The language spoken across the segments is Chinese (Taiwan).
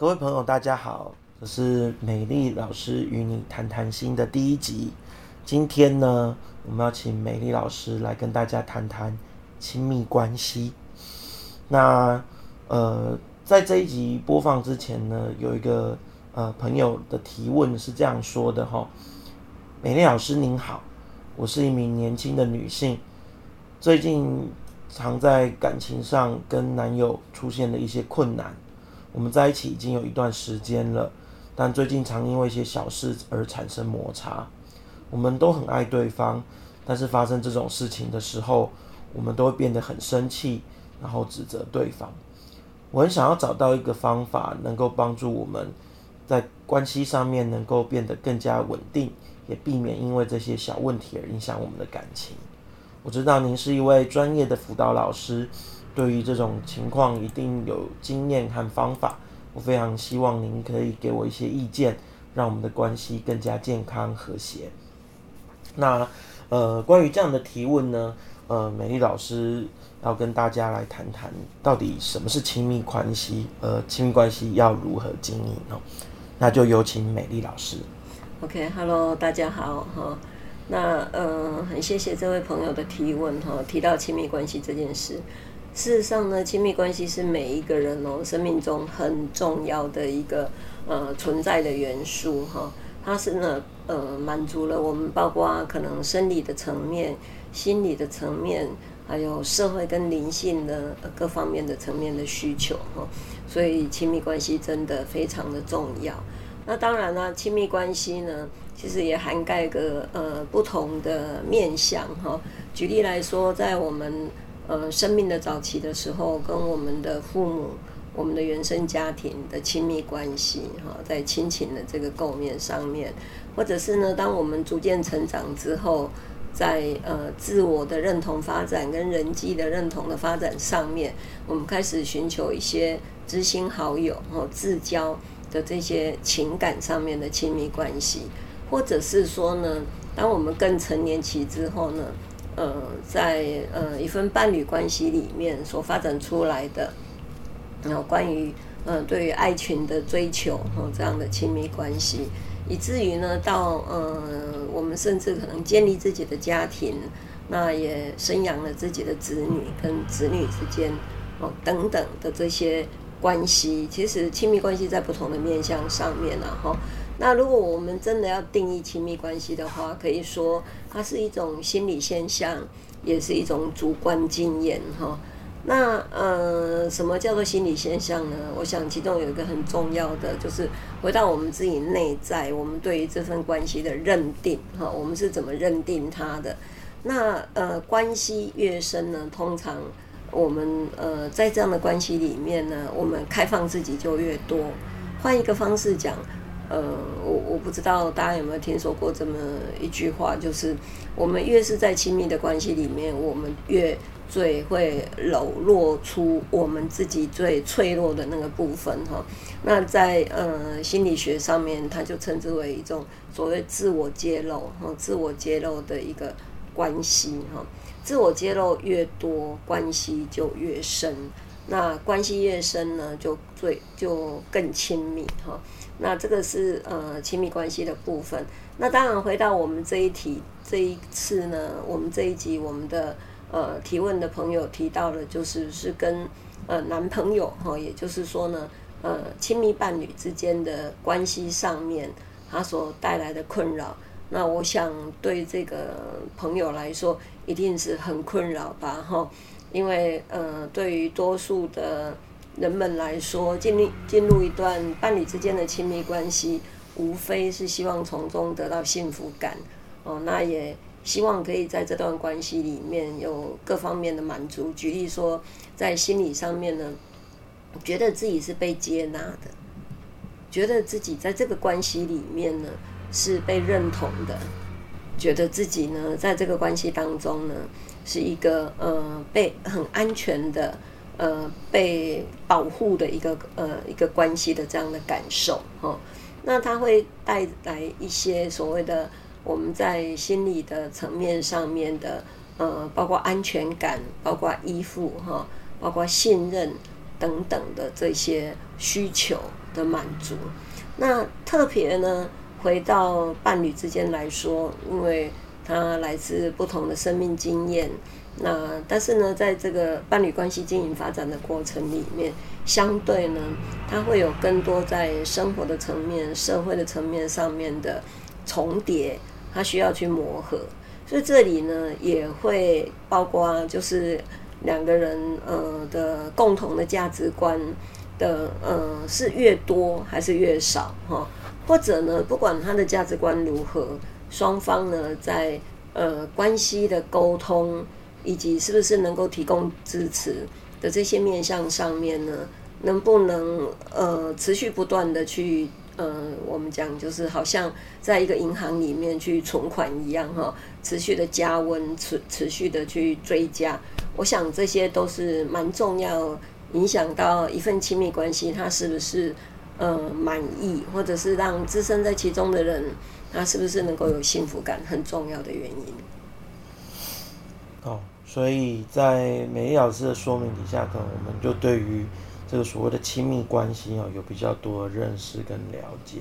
各位朋友，大家好，這是美麗老師與你談談心的第一集。今天呢，我們要請美麗老師來跟大家談談親密關係。那呃，在這一集播放之前呢，有一個呃朋友的提問是這樣說的哈：美麗老師您好，我是一名年輕的女性，最近常在感情上跟男友出現了一些困難。我們在一起已經有一段時間了，但最近常因為一些小事而產生摩擦。我們都很愛對方，但是發生這種事情的時候，我們都會變得很生氣，然後指責對方。我很想要找到一個方法，能夠幫助我們在關係上面能夠變得更加穩定，也避免因為這些小問題而影響我們的感情。我知道您是一位專業的輔導老師。對於這種情況，一定有經驗和方法。我非常希望您可以給我一些意見，讓我們的關係更加健康和諧。那呃，關於這樣的提問呢，呃，美麗老師要跟大家來談談，到底什麼是親密關係，呃，親密關係要如何經營，哦。那就有請美麗老師。OK，Hello，okay，大家好，哦。那呃，很謝謝這位朋友的提問，哦，提到親密關係這件事。事實上呢，親密關係是每一個人、哦、生命中很重要的一個呃存在的元素哈、哦。它是呢呃滿足了我們包括可能生理的層面、心理的層面，還有社會跟靈性的各方面的層面的需求哈、哦。所以親密關係真的非常的重要。那當然呢、啊，親密關係呢其實也涵蓋個呃不同的面向哈、哦。舉例來說，在我們呃，生命的早期的時候，跟我們的父母、我們的原生家庭的親密關係，哈、哦，在親情的這個構面上面，或者是呢，當我們逐漸成長之後，在呃自我的認同發展跟人際的認同的發展上面，我們開始尋求一些知心好友、和、哦、至交的這些情感上面的親密關係，或者是說呢，當我們更成年期之後呢？呃，在呃一份伴侶關係裡面所發展出來的，呃，關於呃對於愛情的追求，哈，哦，這樣的親密關係，以至於呢到呃我們甚至可能建立自己的家庭，那也生養了自己的子女，跟子女之間哦等等的這些關係，其實親密關係在不同的面向上面啊，然後哦。那如果我們真的要定義親密關係的話，可以說它是一種心理現象，也是一種主觀經驗哈。那呃，什麼叫做心理現象呢？我想其中有一個很重要的，就是回到我們自己內在，我們對於這份關係的認定哈，我們是怎麼認定它的？那呃，關係越深呢，通常我們呃在這樣的關係裡面呢，我們開放自己就越多。換一個方式講。呃，我我不知道大家有沒有聽說過這麼一句話，就是我們越是在親密的關係裡面，我們越最會裸露出我們自己最脆弱的那個部分哈。那在呃心理學上面，它就稱之為一種所謂自我揭露哈，自我揭露的一個關係哈。自我揭露越多，關係就越深。那關係越深呢，就最就更親密哈。那這個是呃親密關係的部分。那當然回到我們這一題，這一次呢，我們這一集我們的呃提問的朋友提到了，就是是跟呃男朋友哈，也就是說呢呃親密伴侶之間的關係上面，他所帶來的困擾。那我想對這個朋友來說一定是很困擾吧哈，因為呃對於多數的。人們來說，建立進入一段伴侶之間的親密關係，無非是希望從中得到幸福感。哦，那也希望可以在這段關係裡面有各方面的滿足。舉例說，在心理上面呢，覺得自己是被接納的，覺得自己在這個關係裡面呢是被認同的，覺得自己呢在這個關係當中呢是一個呃被很安全的。呃，被保護的一個呃一個關係的這樣的感受哈、哦，那它會帶來一些所謂的我們在心理的層面上面的呃，包括安全感，包括依附哈，包括信任等等的這些需求的滿足。那特別呢，回到伴侶之間來說，因為它來自不同的生命經驗。那但是呢，在這個伴侶關係經營發展的過程裡面，相對呢，他會有更多在生活的層面、社會的層面上面的重疊，他需要去磨合。所以這裡呢，也會包括就是兩個人呃的共同的價值觀的呃是越多還是越少哈，或者呢，不管他的價值觀如何，雙方呢在呃關係的溝通。以及是不是能夠提供支持的這些面向上面呢？能不能呃持續不斷的去呃我們講，就是好像在一個銀行裡面去存款一樣哈，持續的加溫，持持續的去追加。我想這些都是蠻重要，影響到一份親密關係，它是不是呃滿意，或者是讓置身在其中的人，他是不是能夠有幸福感，很重要的原因。Oh. 所以在美麗老師的說明底下，可能我們就對於這個所謂的親密關係啊，有比較多的認識跟了解。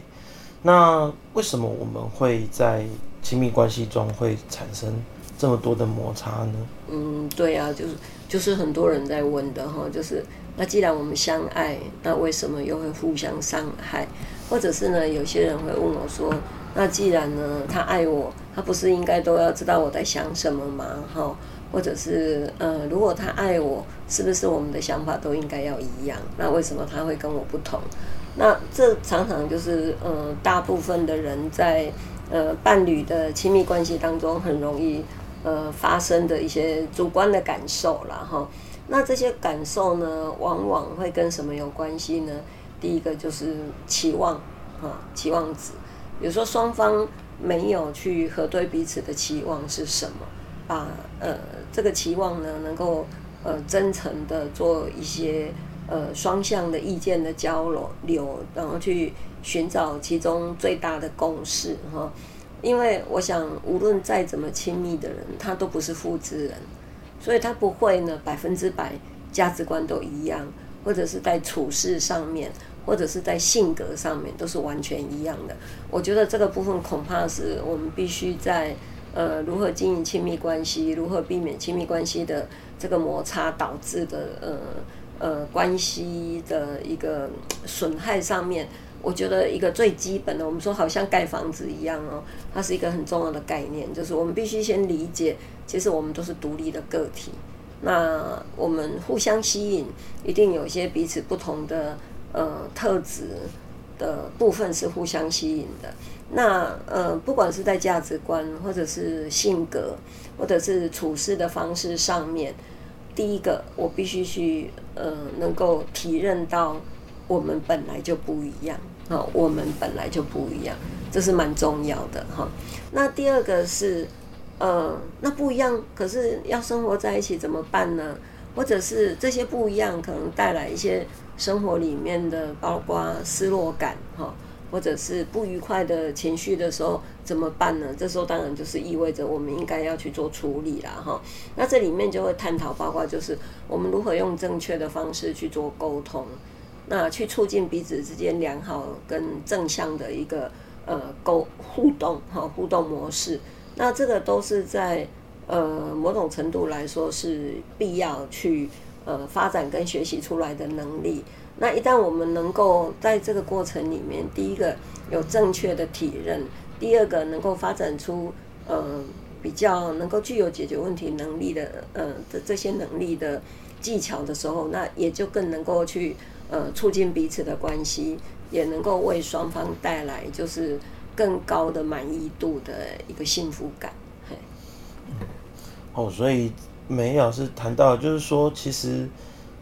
那為什麼我們會在親密關係中會產生這麼多的摩擦呢？嗯，對啊，就是就是很多人在問的哈，就是那既然我們相愛，那為什麼又會互相傷害？或者是呢，有些人會問我說，那既然呢，他愛我，他不是應該都要知道我在想什麼嗎？哈。或者是，嗯、呃，如果他愛我，是不是我們的想法都應該要一樣？那為什麼他會跟我不同？那這常常就是，嗯、呃，大部分的人在，呃，伴侶的親密關係當中，很容易，呃，發生的一些主觀的感受啦。哈。那這些感受呢，往往會跟什麼有關係呢？第一個就是期望，哈，期望值。比如說雙方沒有去核對彼此的期望是什麼。把呃，這個期望呢，能夠呃，真誠的做一些呃，雙向的意見的交流，然後去尋找其中最大的共識哈。因為我想，無論再怎麼親密的人，他都不是複製人，所以他不會呢百分之百價值觀都一樣，或者是在處事上面，或者是在性格上面都是完全一樣的。我覺得這個部分恐怕是我們必須在。呃，如何經營親密關係？如何避免親密關係的這個摩擦導致的呃呃關係的一個損害上面，我覺得一個最基本的，我們說好像蓋房子一樣哦，它是一個很重要的概念，就是我們必須先理解，其實我們都是獨立的個體，那我們互相吸引，一定有些彼此不同的呃特質的部分是互相吸引的。那呃，不管是在價值觀，或者是性格，或者是處事的方式上面，第一個我必須去呃，能夠體認到我們本來就不一樣，哈、哦，我們本來就不一樣，這是蠻重要的哈、哦。那第二個是，呃，那不一樣，可是要生活在一起怎麼辦呢？或者是這些不一樣可能帶來一些生活裡面的包括失落感，哈、哦。或者是不愉快的情緒的時候怎麼辦呢？這時候當然就是意味着我們應該要去做處理啦。哈。那這裡面就會探討，包括就是我們如何用正確的方式去做溝通，那去促進彼此之間良好跟正向的一個呃溝互動哈，互動模式。那這個都是在呃某種程度來說是必要去呃發展跟學習出來的能力。那一旦我們能夠在這個過程裡面，第一個有正確的體認，第二個能夠發展出呃比較能夠具有解決問題能力的呃的這些能力的技巧的時候，那也就更能夠去呃促進彼此的關係，也能夠為雙方帶來就是更高的滿意度的一個幸福感。嘿哦，所以美麗老師談到，就是說其實。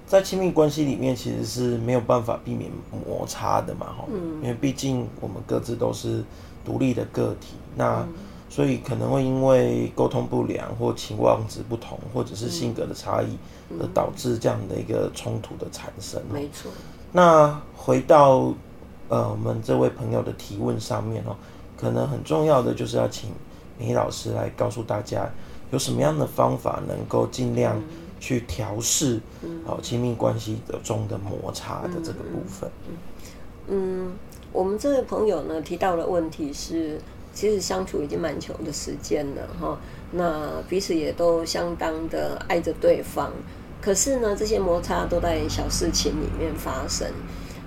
在親密關係裡面，其實是沒有辦法避免摩擦的嘛，嗯，因為畢竟我們各自都是獨立的個體，嗯，那所以可能會因為溝通不良或情況值不同，或者是性格的差異，而導致這樣的一個衝突的產生。嗯嗯，沒錯。那回到呃我們這位朋友的提問上面哦，可能很重要的就是要請美麗老師來告訴大家，有什麼樣的方法能夠盡量、嗯。去調適，好、喔、親密關係的中的摩擦的這個部分。嗯，嗯我們這位朋友呢提到的問題是，是其實相處已經蠻久的時間了哈，那彼此也都相當的愛着對方，可是呢，這些摩擦都在小事情裡面發生。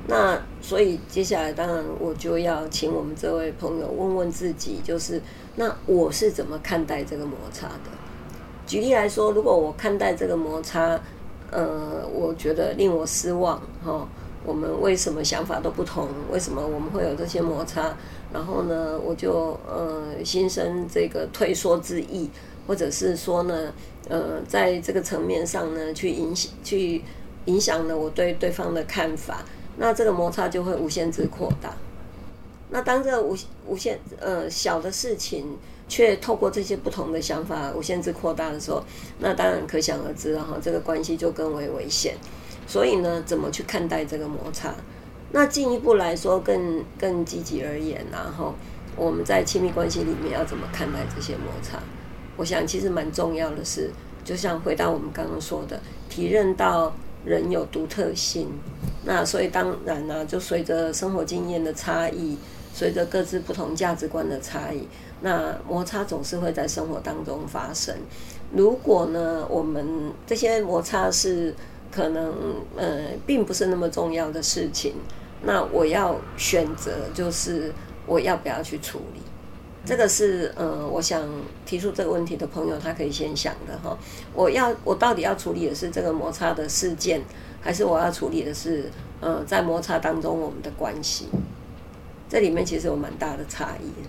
那所以接下來，當然我就要請我們這位朋友問問自己，就是那我是怎麼看待這個摩擦的？舉例來說，如果我看待這個摩擦，呃，我覺得令我失望，哈，我們為什麼想法都不同？為什麼我們會有這些摩擦？然後呢，我就呃心生這個退縮之意，或者是說呢，呃，在這個層面上呢，去影響，去影響了我對對方的看法，那這個摩擦就會無限制擴大。那當這無無限呃小的事情。卻透過這些不同的想法無限制擴大的時候，那當然可想而知了哈。這個關係就更為危險。所以呢，怎麼去看待這個摩擦？那進一步來說更，更更積極而言，啊，然後我們在親密關係裡面要怎麼看待這些摩擦？我想其實蠻重要的是，就像回到我們剛剛說的，體認到人有獨特性。那所以當然呢，啊，就隨着生活經驗的差異，隨着各自不同價值觀的差異。那摩擦總是會在生活當中發生。如果呢，我們這些摩擦是可能呃，並不是那麼重要的事情，那我要選擇就是我要不要去處理。這個是呃，我想提出這個問題的朋友，他可以先想的哈。我要我到底要處理的是這個摩擦的事件，還是我要處理的是呃，在摩擦當中我們的關係？這裡面其實有蠻大的差異。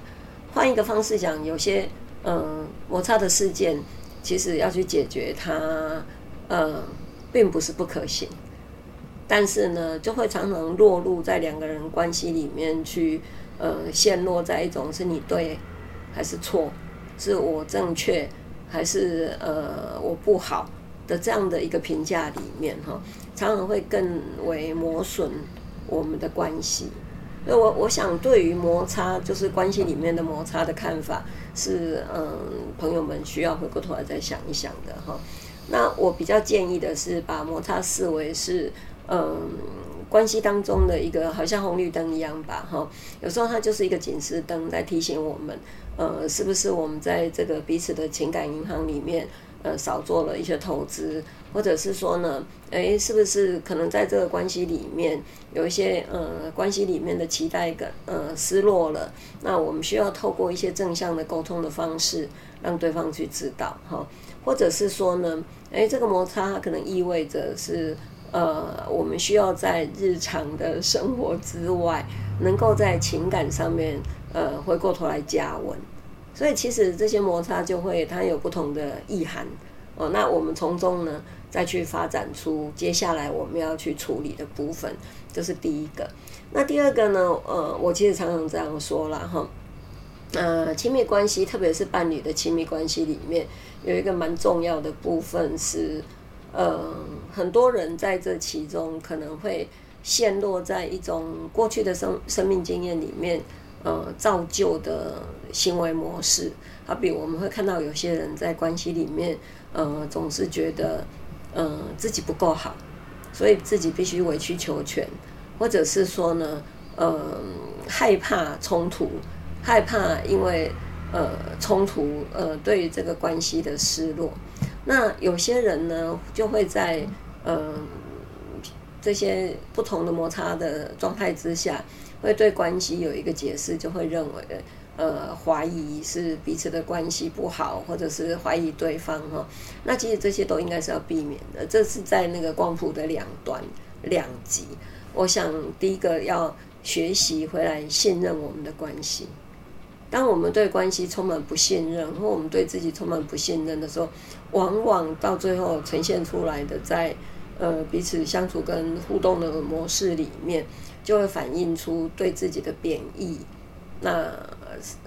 換一個方式講，有些嗯、呃、摩擦的事件，其實要去解決它，呃，並不是不可行，但是呢，就會常常落入在兩個人關係裡面去，呃，陷落在一種是你對還是錯，是我正確還是呃我不好的這樣的一個評價裡面哈，常常會更為磨損我們的關係。那我我想，對於摩擦就是關係裡面的摩擦的看法，是嗯，朋友們需要回過頭來再想一想的哈。那我比較建議的是，把摩擦視為是嗯，關係當中的一個，好像紅綠燈一樣吧哈。有時候它就是一個警示燈，來提醒我們，呃，嗯，是不是我們在這個彼此的情感銀行裡面。呃，少做了一些投資，或者是說呢，誒、欸，是不是可能在這個關係裡面有一些呃關係裡面的期待感呃失落了？那我們需要透過一些正向的溝通的方式，讓對方去知道哈，或者是說呢，誒、欸，這個摩擦它可能意味着是呃，我們需要在日常的生活之外，能夠在情感上面呃回過頭來加溫。所以其實這些摩擦就會，它有不同的意涵，哦，那我們從中呢，再去發展出接下來我們要去處理的部分，這、就是第一個。那第二個呢？呃，我其實常常這樣說啦。哈，呃，親密關係，特別是伴侶的親密關係裡面，有一個蠻重要的部分是，呃，很多人在這其中可能會陷落在一種過去的生生命經驗裡面。呃，造就的行為模式，好比我們會看到有些人在關係裡面，呃，總是覺得，呃，自己不夠好，所以自己必須委曲求全，或者是說呢，呃，害怕衝突，害怕因為呃衝突呃對於這個關係的失落，那有些人呢就會在呃這些不同的摩擦的狀態之下。會對關係有一個解釋，就會認為，呃，懷疑是彼此的關係不好，或者是懷疑對方哈、哦。那其實這些都應該是要避免的。這是在那個光譜的兩端、兩極。我想第一個要學習回來信任我們的關係。當我們對關係充滿不信任，或我們對自己充滿不信任的時候，往往到最後呈現出來的在。呃，彼此相處跟互動的模式裡面，就會反映出對自己的貶義。那、呃、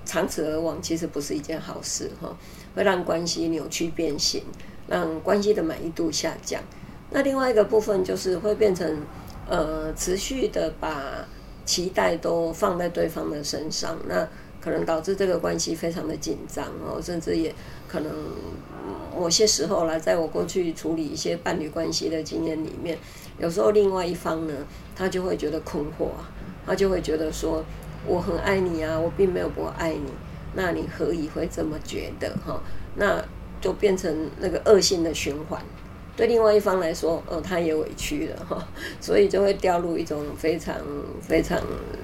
長此而往，其實不是一件好事哈、哦，會讓關係扭曲變形，讓關係的滿意度下降。那另外一個部分就是會變成呃，持續的把期待都放在對方的身上，那可能導致這個關係非常的緊張哦，甚至也。可能某些時候啦，在我過去處理一些伴侶關係的經驗裡面，有時候另外一方呢，他就會覺得困惑啊，他就會覺得說：“我很愛你啊，我並沒有不愛你，那你何以會這麼覺得？哈，那就變成那個惡性的循環。對另外一方來說，哦、呃，他也委屈了，哈，所以就會掉入一種非常非常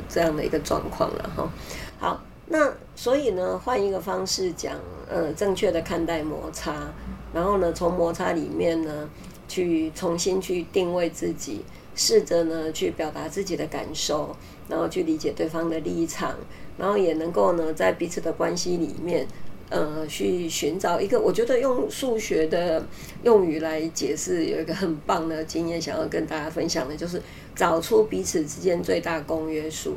這樣的一個狀況了，哈。好。那所以呢，換一個方式講，呃，正確的看待摩擦，然後呢，從摩擦裡面呢，去重新去定位自己，試着呢，去表達自己的感受，然後去理解對方的立場，然後也能夠呢，在彼此的關係裡面，呃，去尋找一個，我覺得用數學的用語來解釋，有一個很棒的經驗，想要跟大家分享的，就是找出彼此之間最大公約數。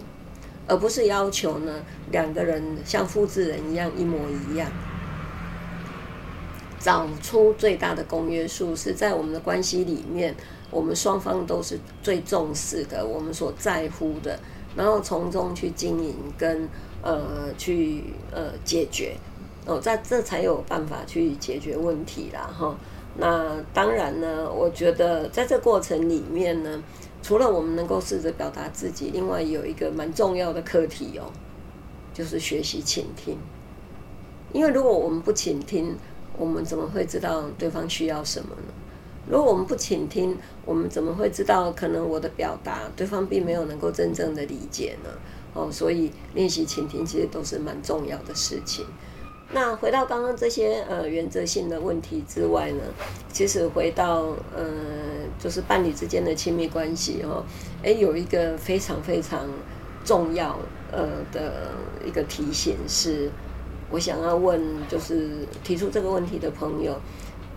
而不是要求呢，兩個人像複製人一樣一模一樣，找出最大的公約數，是在我們的關係裡面，我們雙方都是最重視的，我們所在乎的，然後從中去經營跟呃，去呃解決哦，在這才有辦法去解決問題啦。哈。那當然呢，我覺得在這過程裡面呢。除了我們能夠試着表達自己，另外有一個蠻重要的課題哦，就是學習傾聽。因為如果我們不傾聽，我們怎麼會知道對方需要什麼呢？如果我們不傾聽，我們怎麼會知道可能我的表達對方並沒有能夠真正的理解呢？哦，所以練習傾聽其實都是蠻重要的事情。那回到剛剛這些呃原則性的問題之外呢，其實回到呃就是伴侶之間的親密關係哦。誒，有一個非常非常重要呃的一個提醒是，我想要問就是提出這個問題的朋友，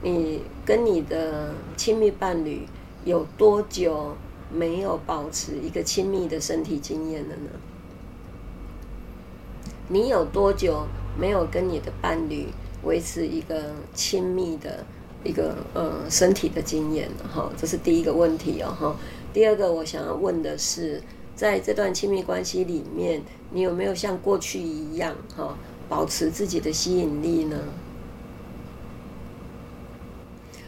你跟你的親密伴侶有多久沒有保持一個親密的身體經驗了呢？你有多久？沒有跟你的伴侶維持一個親密的一個呃身體的經驗，哈，這是第一個問題哦，哈。第二個我想要問的是，在這段親密關係裡面，你有沒有像過去一樣，哈，保持自己的吸引力呢？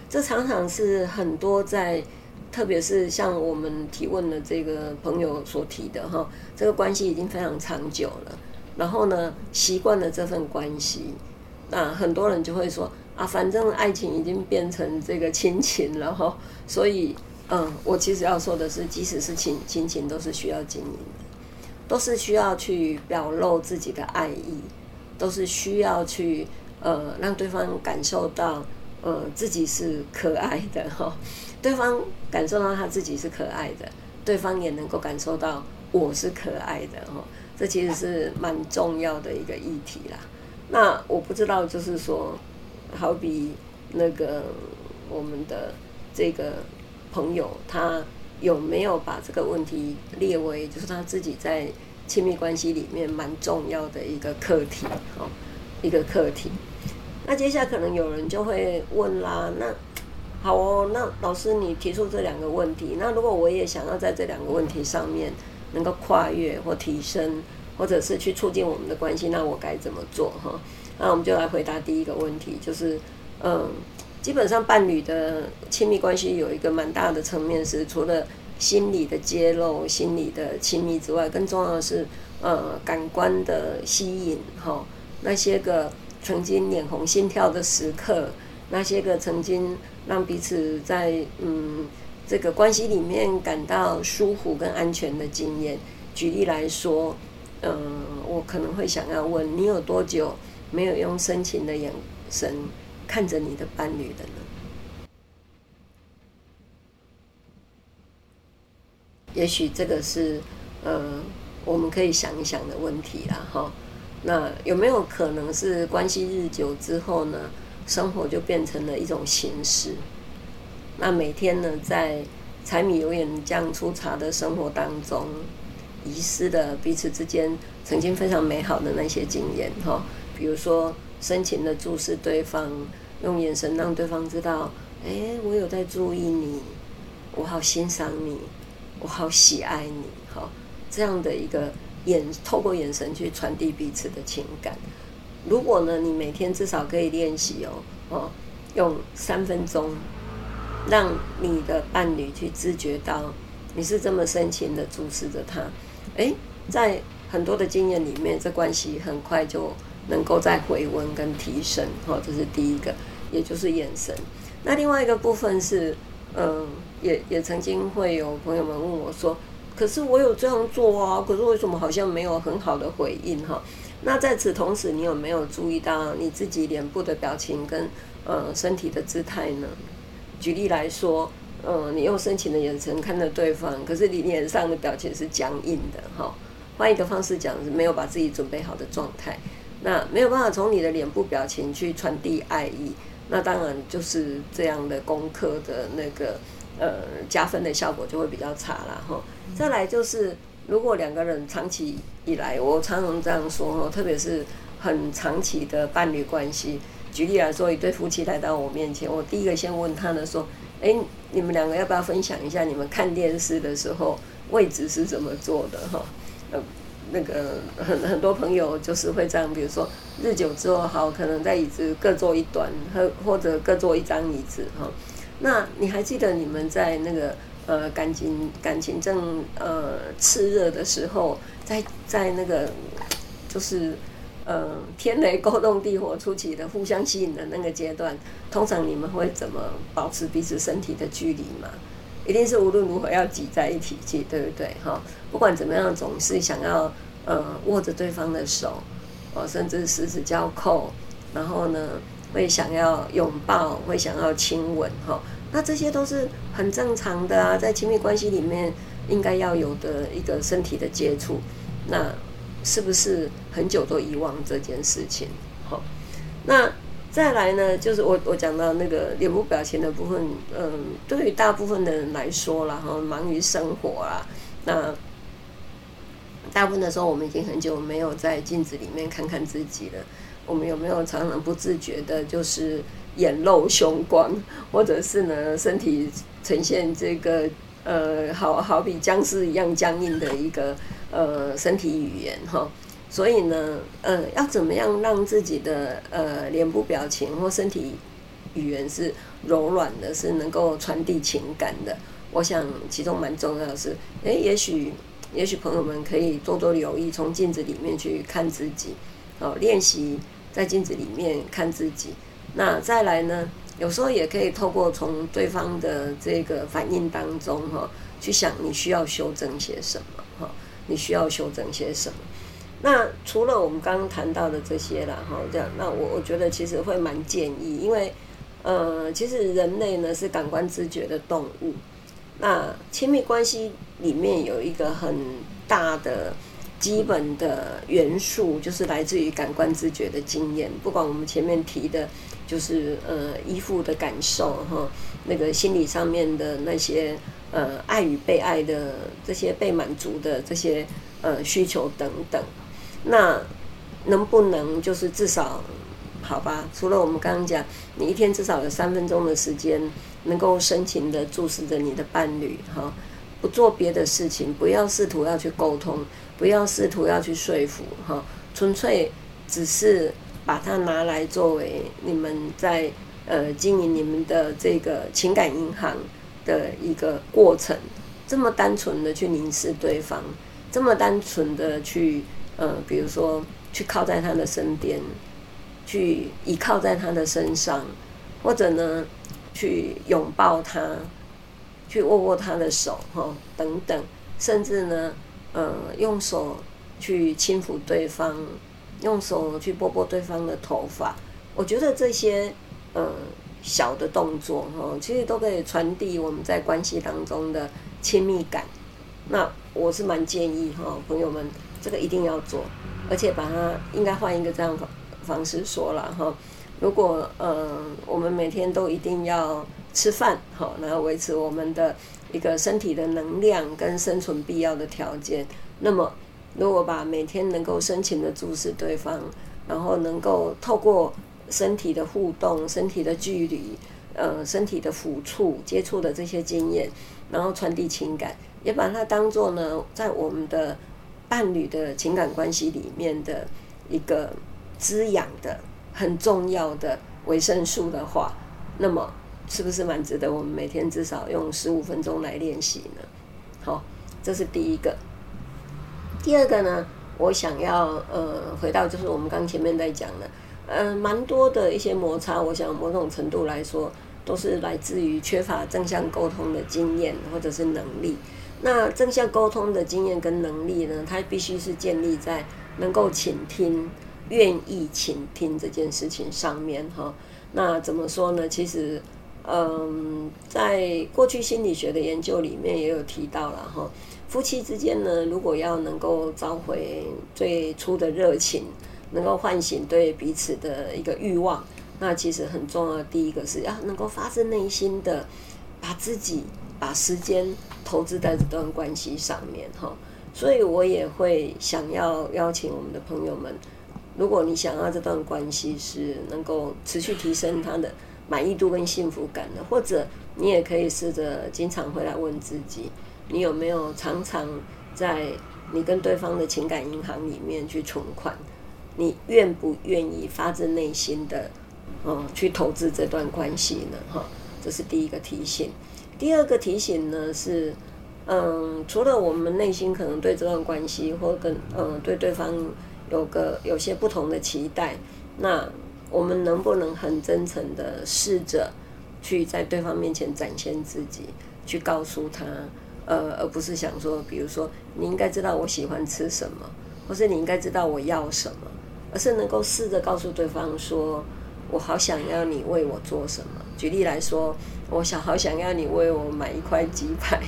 這常常是很多在，特別是像我們提問的這個朋友所提的，哈，這個關係已經非常長久了。然後呢，習慣了這份關係，那很多人就會說啊，反正愛情已經變成這個親情了，所以，嗯，我其實要說的是，即使是親親情，都是需要經營的，都是需要去表露自己的愛意，都是需要去呃讓對方感受到呃自己是可愛的哈，對方感受到他自己是可愛的，對方也能夠感受到我是可愛的哈。這其實是蠻重要的一個議題啦。那我不知道，就是說，好比那個我們的這個朋友，他有沒有把這個問題列為，就是他自己在親密關係裡面蠻重要的一個課題，好，一個課題。那接下來可能有人就會問啦，那好哦，那老師你提出這兩個問題，那如果我也想要在這兩個問題上面能夠跨越或提升，或者是去促進我們的關係，那我該怎麼做哈、哦？那我們就來回答第一個問題，就是嗯，基本上伴侶的親密關係有一個蠻大的層面是，除了心理的揭露、心理的親密之外，更重要的是呃、嗯、感官的吸引哈、哦。那些個曾經臉紅心跳的時刻，那些個曾經讓彼此在嗯。這個關係裡面感到舒服跟安全的經驗，舉例來說，嗯、呃，我可能會想要問你有多久沒有用深情的眼神看着你的伴侶的呢？也許這個是，嗯、呃，我們可以想一想的問題了。哈。那有沒有可能是關係日久之後呢，生活就變成了一種形式？那每天呢，在柴米油鹽醬醋茶的生活當中，遺失了彼此之間曾經非常美好的那些經驗哈、哦，比如說深情的注視對方，用眼神讓對方知道，哎、欸，我有在注意你，我好欣賞你，我好喜愛你，哈、哦，這樣的一個眼透過眼神去傳遞彼此的情感。如果呢，你每天至少可以練習哦，哦，用三分鐘。讓你的伴侶去自覺到你是這麼深情的注視着他，誒、欸，在很多的經驗裡面，這關係很快就能夠再回溫跟提升，哈，這是第一個，也就是眼神。那另外一個部分是，嗯，也也曾經會有朋友們問我說，可是我有這樣做啊，可是為什麼好像沒有很好的回應，哈？那在此同時，你有沒有注意到你自己臉部的表情跟嗯身體的姿態呢？舉例來說，嗯，你用深情的眼神看着對方，可是你臉上的表情是僵硬的，哈。換一個方式講，是沒有把自己準備好的狀態，那沒有辦法從你的臉部表情去傳遞愛意，那當然就是這樣的功課的那個呃加分的效果就會比較差啦。哈。再來就是，如果兩個人長期以來，我常常這樣說，哈，特別是很長期的伴侶關係。舉例來說，一對夫妻來到我面前，我第一個先問他們說：“哎、欸，你們兩個要不要分享一下你們看電視的時候位置是怎麼坐的哈？呃、哦，那個很很多朋友就是會這樣，比如說日久之後好，好可能在椅子各坐一端，或或者各坐一張椅子哈、哦。那你還記得你們在那個呃感情感情正呃熾熱的時候，在在那個就是。”呃、嗯，天雷勾動地火，初期的互相吸引的那個階段，通常你們會怎麼保持彼此身體的距離嘛？一定是無論如何要擠在一起去，對不對？哈、哦，不管怎麼樣，總是想要嗯握着對方的手，哦，甚至十指交扣，然後呢會想要擁抱，會想要親吻，哈、哦，那這些都是很正常的啊，在親密關係裡面應該要有的一個身體的接觸。那是不是很久都遺忘這件事情？好，那再來呢？就是我我講到那個臉部表情的部分，嗯，對於大部分的人來說啦，哈，忙於生活啊，那大部分的時候，我們已經很久沒有在鏡子裡面看看自己了。我們有沒有常常不自覺的，就是眼露凶光，或者是呢，身體呈現這個？呃，好好比僵屍一樣僵硬的一個呃身體語言哈，所以呢，呃，要怎麼樣讓自己的呃臉部表情或身體語言是柔軟的，是能夠傳遞情感的？我想其中蠻重要的是，哎、欸，也許也許朋友們可以多多留意，從鏡子裡面去看自己，哦，練習在鏡子裡面看自己，那再來呢？有時候也可以透過從對方的這個反應當中哈、喔，去想你需要修正些什麼哈、喔，你需要修正些什麼。那除了我們剛剛談到的這些啦哈，這樣。那我我覺得其實會蠻建議，因為呃，其實人類呢，是感官知覺的動物。那親密關係裡面有一個很大的基本的元素，就是來自於感官知覺的經驗，不管我們前面提的。就是呃，依附的感受哈，那個心理上面的那些呃，愛與被愛的這些被滿足的這些呃需求等等，那能不能就是至少好吧？除了我們剛剛講，你一天至少有三分鐘的時間能夠深情地注視着你的伴侶哈，不做別的事情，不要試圖要去溝通，不要試圖要去說服哈，純粹只是。把它拿來作為你們在呃經營你們的這個情感銀行的一個過程。這麼單純的去凝視對方，這麼單純的去呃，比如說去靠在他的身邊，去依靠在他的身上，或者呢，去擁抱他，去握握他的手哈等等，甚至呢，呃，用手去輕撫對方。用手去撥撥對方的頭髮，我覺得這些嗯小的動作哈，其實都可以傳遞我們在關係當中的親密感。那我是蠻建議哈，朋友們，這個一定要做，而且把它應該換一個這樣方方式說了哈。如果嗯我們每天都一定要吃飯哈，然後維持我們的一個身體的能量跟生存必要的條件，那麼。如果把每天能夠深情的注視對方，然後能夠透過身體的互動、身體的距離、呃身體的撫觸接觸的這些經驗，然後傳遞情感，也把它當做呢在我們的伴侶的情感關係裡面的一個滋養的很重要的維生素的話，那麼是不是蠻值得我們每天至少用十五分鐘來練習呢？好，哦，這是第一個。第二個呢，我想要呃回到就是我們剛前面在講的，嗯、呃，蠻多的一些摩擦，我想某種程度來說都是來自於缺乏正向溝通的經驗或者是能力。那正向溝通的經驗跟能力呢，它必須是建立在能夠傾聽、願意傾聽這件事情上面哈。那怎麼說呢？其實，嗯、呃，在過去心理學的研究裡面也有提到了哈。夫妻之間呢，如果要能夠找回最初的熱情，能夠喚醒對彼此的一個慾望，那其實很重要的第一個是要能夠發自內心的把自己把時間投資在這段關係上面，哈。所以我也會想要邀請我們的朋友們，如果你想要這段關係是能夠持續提升他的滿意度跟幸福感的，或者你也可以試着經常回來問自己，你有沒有常常在你跟對方的情感銀行裡面去存款？你願不願意發自內心的，嗯，去投資這段關係呢？哈，這是第一個提醒。第二個提醒呢是，嗯，除了我們內心可能對這段關係或跟嗯對，對對方有個有些不同的期待，那我們能不能很真誠的試着去在對方面前展現自己，去告訴他，呃，而不是想說，比如說，你應該知道我喜歡吃什麼，或是你應該知道我要什麼，而是能夠試着告訴對方說，我好想要你為我做什麼。舉例來說，我好想要你為我買一塊雞排，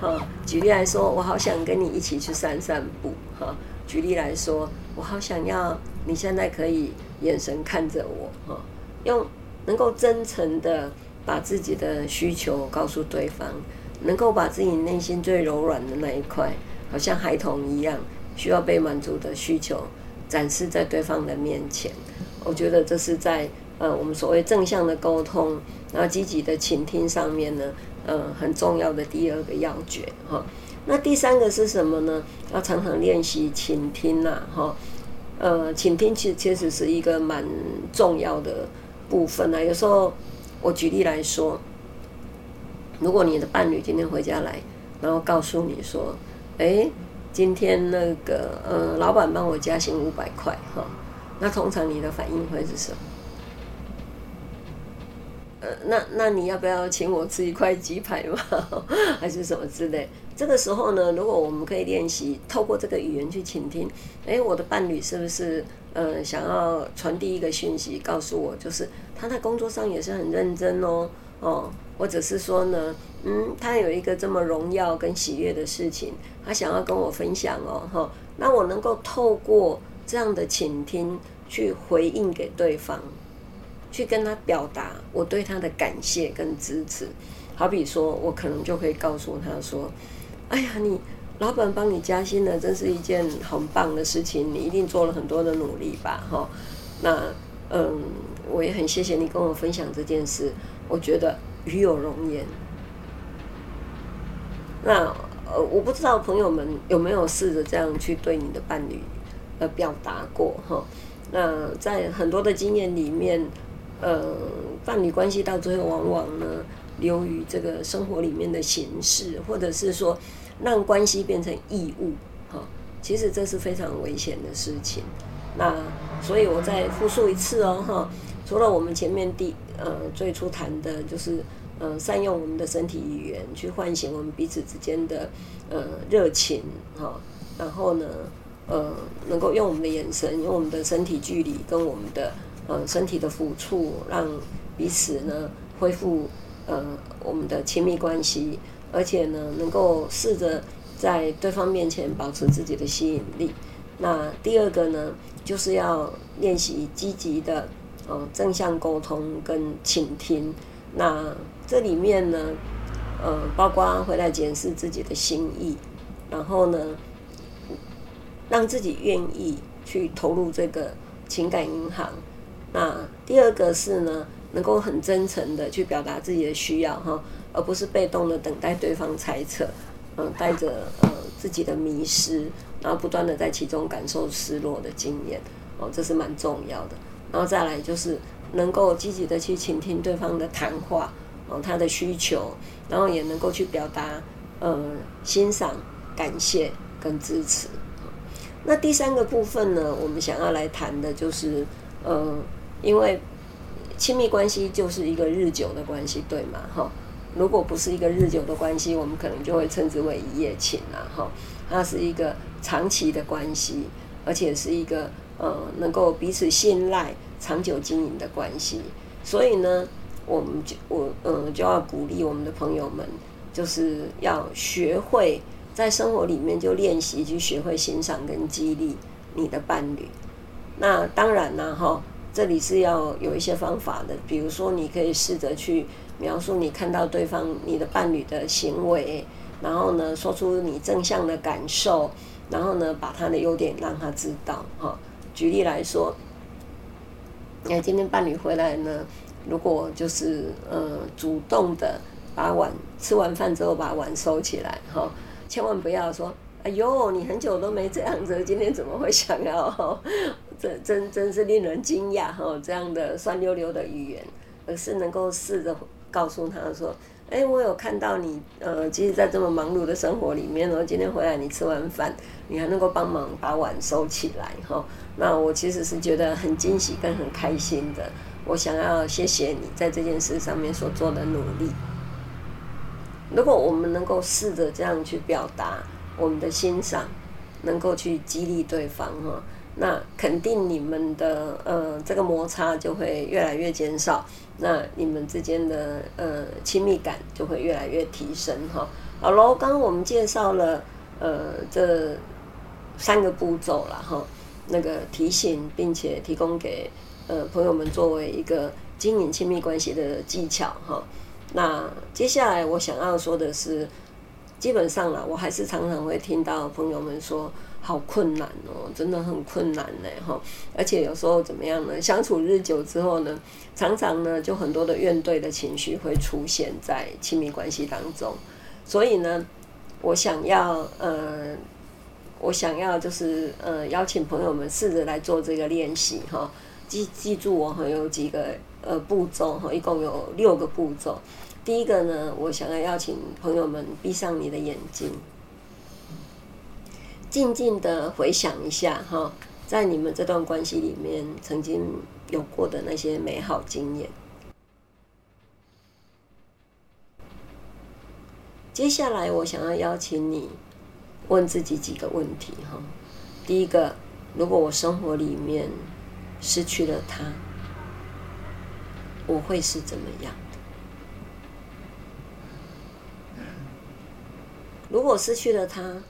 啊，舉例來說，我好想跟你一起去散散步，哈，啊，舉例來說，我好想要你現在可以眼神看着我，哈，啊，用能夠真誠地把自己的需求告訴對方。能夠把自己內心最柔軟的那一塊，好像孩童一樣，需要被滿足的需求，展示在對方的面前。我覺得這是在呃我們所謂正向的溝通，然後積極的傾聽上面呢，呃很重要的第二個要訣哈。那第三個是什麼呢？要常常練習傾聽啦，哈，呃，傾聽其實確實是一個蠻重要的部分啊。有時候我舉例來說。如果你的伴侶今天回家來，然後告訴你說：“哎，今天那個呃，老闆幫我加薪五百塊哈，哦。”那通常你的反應會是什麼？呃，那那你要不要請我吃一塊雞排嘛，還是什麼之類？這個時候呢，如果我們可以練習透過這個語言去傾聽，哎，我的伴侶是不是呃想要傳遞一個訊息，告訴我就是他在工作上也是很認真哦。哦，或者是說呢，嗯，他有一個這麼榮耀跟喜悅的事情，他想要跟我分享哦，哈、哦，那我能夠透過這樣的傾聽去回應給對方，去跟他表達我對他的感謝跟支持。好比說，我可能就可以告訴他說：“哎呀你，你老闆幫你加薪了，真是一件很棒的事情，你一定做了很多的努力吧？哈、哦，那嗯，我也很謝謝你跟我分享這件事。”我覺得與有榮焉。那呃，我不知道朋友們有沒有試着這樣去對你的伴侶呃表達過哈。那在很多的經驗裡面，呃，伴侶關係到最後往往呢，流於這個生活裡面的形式，或者是說讓關係變成義務哈。其實這是非常危險的事情。那所以我再複述一次哦、喔、哈，除了我們前面第。呃，最初談的就是，呃，善用我們的身體語言去喚醒我們彼此之間的呃熱情哈，然後呢，呃，能夠用我們的眼神，用我們的身體距離跟我們的呃身體的撫觸，讓彼此呢恢復呃我們的親密關係，而且呢，能夠試着在對方面前保持自己的吸引力。那第二個呢，就是要練習積極的正向溝通跟傾聽，那這裡面呢，呃，包括回來檢視自己的心意，然後呢，讓自己願意去投入這個情感銀行。那第二個是呢，能夠很真誠的去表達自己的需要，哈、呃，而不是被動的等待對方猜測，嗯、呃，帶着呃自己的迷失，然後不斷的在其中感受失落的經驗，哦、呃，這是蠻重要的。然後再來就是能夠積極的去傾聽對方的談話，哦，他的需求，然後也能夠去表達，嗯，呃，欣賞、感謝跟支持。那第三個部分呢，我們想要來談的就是，嗯，呃，因為親密關係就是一個日久的關係，對嗎？哈，哦，如果不是一個日久的關係，我們可能就會稱之為一夜情了，啊，哈，哦。它是一個長期的關係，而且是一個。呃、嗯，能夠彼此信賴、長久經營的關係，所以呢，我們就我嗯，就要鼓勵我們的朋友們，就是要學會在生活裡面就練習去學會欣賞跟激勵你的伴侶。那當然了、啊，哈，這裡是要有一些方法的，比如說你可以試着去描述你看到對方、你的伴侶的行為，然後呢，說出你正向的感受，然後呢，把他的優點讓他知道，哈。舉例來說，那今天伴侶回來呢，如果就是呃主動的把碗吃完飯之後把碗收起來，齁，千萬不要說哎呦你很久都沒這樣子，今天怎麼會想要？齁，這真真是令人驚訝齁，這樣的酸溜溜的語言，而是能夠試着。告訴他說：“誒、欸，我有看到你，呃，即使在這麼忙碌的生活裡面，然後今天回來你吃完飯，你還能夠幫忙把碗收起來，哈，那我其實是覺得很驚喜跟很開心的。我想要謝謝你，在這件事上面所做的努力。如果我們能夠試着這樣去表達我們的欣賞，能夠去激勵對方，哈。”那肯定你們的呃這個摩擦就會越來越減少，那你們之間的呃親密感就會越來越提升哈。好嘍，剛剛我們介紹了呃這三個步驟了哈，那個提醒並且提供給呃朋友們作為一個經營親密關係的技巧哈。那接下來我想要說的是，基本上啦，我還是常常會聽到朋友們說。好困難哦，真的很困難欸哈！而且有時候怎麼樣呢？相處日久之後呢，常常呢就很多的怨懟的情緒會出現在親密關係當中。所以呢，我想要，呃……我想要就是，呃，邀請朋友們試着來做這個練習哈。記記住我哈，有幾個呃步驟哈，一共有六個步驟。第一個呢，我想要邀請朋友們閉上你的眼睛。靜靜的回想一下哈，在你們這段關係裡面曾經有過的那些美好經驗。接下來我想要邀請你問自己幾個問題哈，第一個，如果我生活裡面失去了他，我會是怎麼樣的？如果失去了他，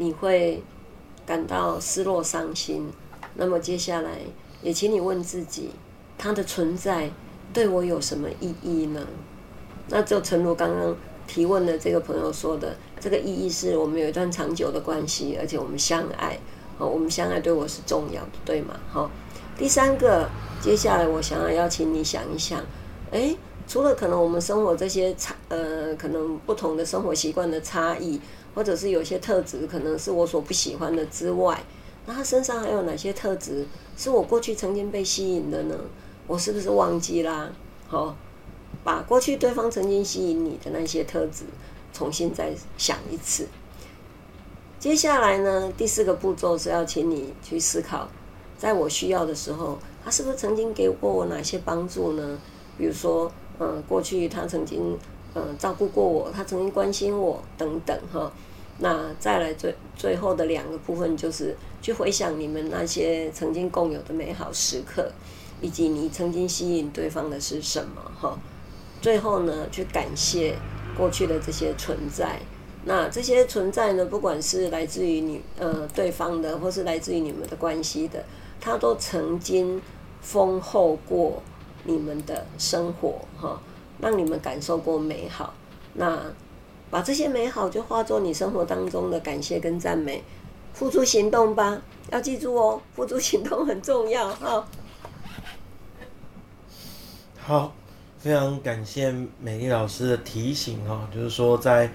你會感到失落、傷心。那麼接下來，也請你問自己，他的存在對我有什麼意義呢？那就誠如剛剛提問的這個朋友說的，這個意義是我們有一段長久的關係，而且我們相愛。好、哦，我們相愛對我是重要的，對嗎？好、哦，第三個，接下來我想要邀請你想一想，誒，除了可能我們生活這些差呃，可能不同的生活習慣的差異。或者是有些特質可能是我所不喜歡的之外，那他身上還有哪些特質是我過去曾經被吸引的呢？我是不是忘記啦啊？好，把過去對方曾經吸引你的那些特質重新再想一次。接下來呢，第四個步驟是要請你去思考，在我需要的時候，他是不是曾經給過我哪些幫助呢？比如說，嗯，過去他曾經。嗯，照顧過我，他曾經關心我，等等哈。那再來最最後的兩個部分，就是去回想你們那些曾經共有的美好時刻，以及你曾經吸引對方的是什麼哈。最後呢，去感謝過去的這些存在。那這些存在呢，不管是來自於你呃對方的，或是來自於你們的關係的，他都曾經豐厚過你們的生活哈。讓你們感受過美好，那把這些美好就化作你生活當中的感謝跟讚美，付諸行動吧。要記住哦，付諸行動很重要哈，哦。好，非常感謝美麗老師的提醒哦，就是說在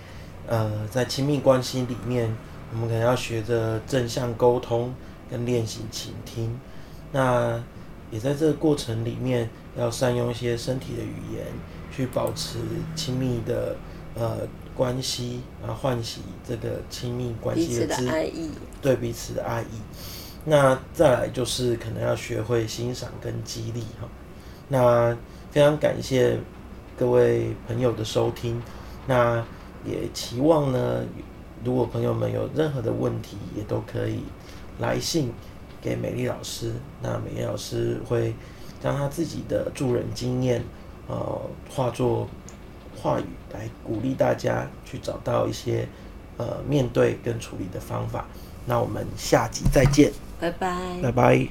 呃在親密關係裡面，我們可能要學着正向溝通，跟練習傾聽。那也在這個過程裡面，要善用一些身體的語言。去保持親密的呃關係，然後喚起這個親密關係的知彼的愛意對彼此的愛意。那再來就是可能要學會欣賞跟激勵哈、哦。那非常感謝各位朋友的收聽。那也期望呢，如果朋友們有任何的問題，也都可以來信給美麗老師。那美麗老師會將他自己的助人經驗。呃，化作話語來鼓勵大家去找到一些，呃，面對跟處理的方法。那我們下集再見，拜拜，拜拜。